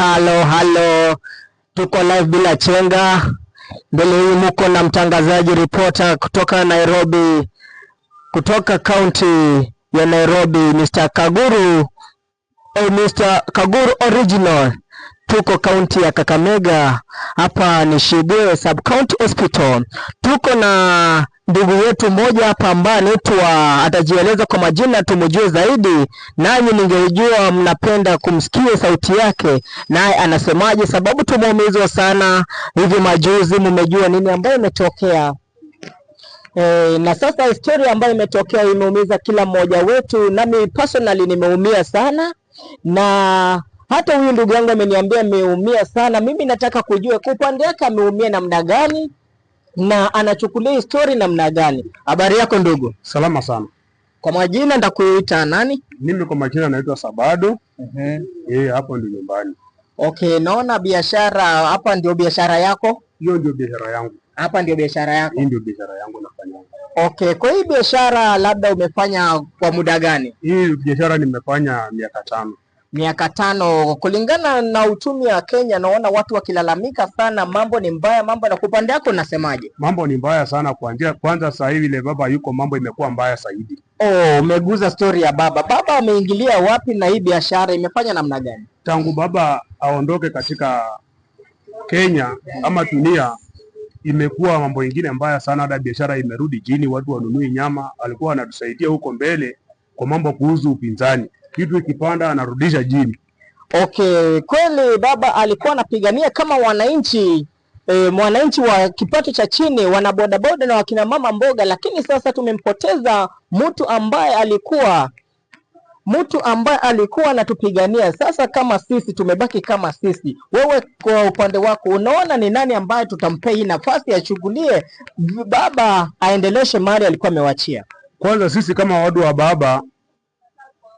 Halo halo, tuko live bila chenga. Mbele hii muko na mtangazaji reporter kutoka Nairobi, kutoka kaunti ya Nairobi, Mr. Kaguru eh, Mr. Kaguru original. Tuko kaunti ya Kakamega, hapa ni Shibwe sub county hospital. Tuko na ndugu yetu mmoja hapa ambaye anaitwa atajieleza kwa majina tumjue zaidi, nanyi ningejua mnapenda kumsikia sauti yake, naye anasemaje, sababu tumeumizwa sana hivi majuzi. Mmejua nini ambayo imetokea? E, na sasa historia ambayo imetokea imeumiza kila mmoja wetu, nami personally nimeumia sana na hata huyu ndugu yangu ameniambia ameumia sana. Mimi nataka kujua kwa upande wake ameumia namna gani, na anachukulia histori namna gani? Habari yako ndugu? Salama sana. Kwa majina ndakuita nani? Mimi kwa majina naitwa Sabado. -huh. Eh, hapo ndio nyumbani. Okay, naona biashara hapa ndio biashara yako? Hiyo ndio biashara yangu. Hapa ndio biashara yako? Hii ndio biashara yangu nafanya. Okay, kwa hii biashara labda umefanya kwa muda gani? Hii biashara nimefanya miaka tano miaka tano, kulingana na uchumi wa Kenya, naona watu wakilalamika sana, mambo ni mbaya, mambo na kupande yako, unasemaje Mambo ni mbaya sana kuanzia kwanza, sasa hivi ile baba yuko, mambo imekuwa mbaya zaidi. Oh, umeguza stori ya baba. Baba ameingilia wapi na hii biashara imefanya namna gani? Tangu baba aondoke katika Kenya ama dunia imekuwa mambo ingine mbaya sana, hata biashara imerudi chini, watu wanunui nyama. Alikuwa anatusaidia huko mbele kwa mambo kuhusu upinzani kitu ikipanda anarudisha jini Okay, kweli baba alikuwa anapigania kama wananchi E, mwananchi wa kipato cha chini, wanabodaboda na wakina mama mboga, lakini sasa tumempoteza mtu ambaye alikuwa mtu ambaye alikuwa anatupigania. Sasa kama sisi tumebaki kama sisi, wewe kwa upande wako unaona ni nani ambaye tutampea hii nafasi achugulie baba aendeleshe mali alikuwa amewachia? Kwanza sisi kama wadu wa baba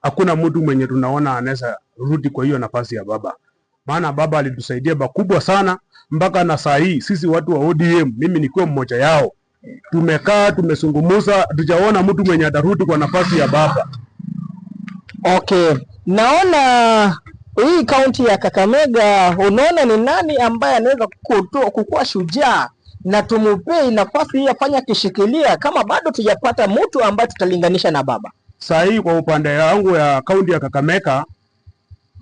hakuna mtu mwenye tunaona anaweza rudi kwa hiyo nafasi ya baba, maana baba alitusaidia bakubwa sana mpaka na saa hii sisi watu wa ODM, mimi nikiwa mmoja yao, tumekaa tumezungumza, tujaona mtu mwenye atarudi kwa nafasi ya baba. Okay, naona hii kaunti ya Kakamega, unaona ni nani ambaye anaweza kukua shujaa na tumupei nafasi hii afanya kishikilia kama bado tujapata mtu ambaye tutalinganisha na baba? Saa hii kwa upande wangu ya kaunti ya Kakamega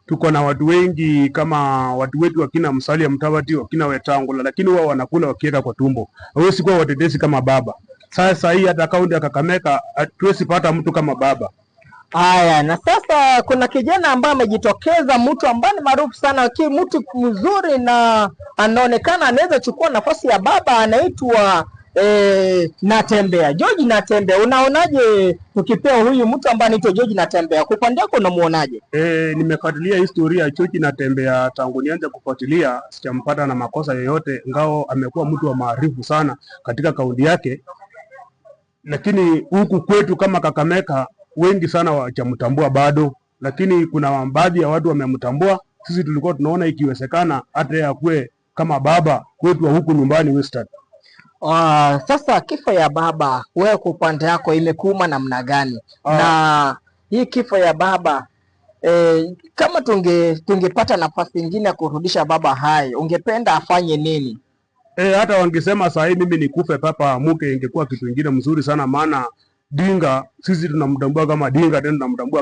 tuko na watu wengi kama watu wetu wakina Musalia Mudavadi, wakina Wetangula, lakini wao wanakula wakiweka kwa tumbo. Hawezi kuwa watetezi kama baba. Sasa hii hata kaunti ya Kakamega hatuwezi pata mtu kama baba. Haya, na sasa kuna kijana ambaye amejitokeza, mtu ambaye ni maarufu sana, ki mtu mzuri na anaonekana anaweza chukua nafasi ya baba, anaitwa E, Natembea, George natembea unaonaje tukipewa huyu mtu ambaye anaitwa George Natembea, Kwa upande wako unamuonaje? E, eh, nimefuatilia historia ya George tangu nianze kufuatilia, sijampata na makosa yoyote, ngao amekuwa mtu wa maarifu sana katika kaunti yake, lakini huku kwetu kama Kakameka wengi sana wajamtambua bado, lakini kuna baadhi ya watu wamemtambua. Sisi tulikuwa tunaona ikiwezekana hata yakuwe kama baba kwetu wa huku nyumbani Western Uh, sasa kifo ya baba wewe kwa upande yako imekuuma namna gani? Uh, na hii kifo ya baba e, kama tunge tungepata nafasi nyingine ya kurudisha baba hai, ungependa afanye nini? E, hata wangesema saa hii mimi nikufe papa amuke, ingekuwa kitu kingine mzuri sana, maana Dinga sisi tunamtambua kama Dinga, tena tunamtambua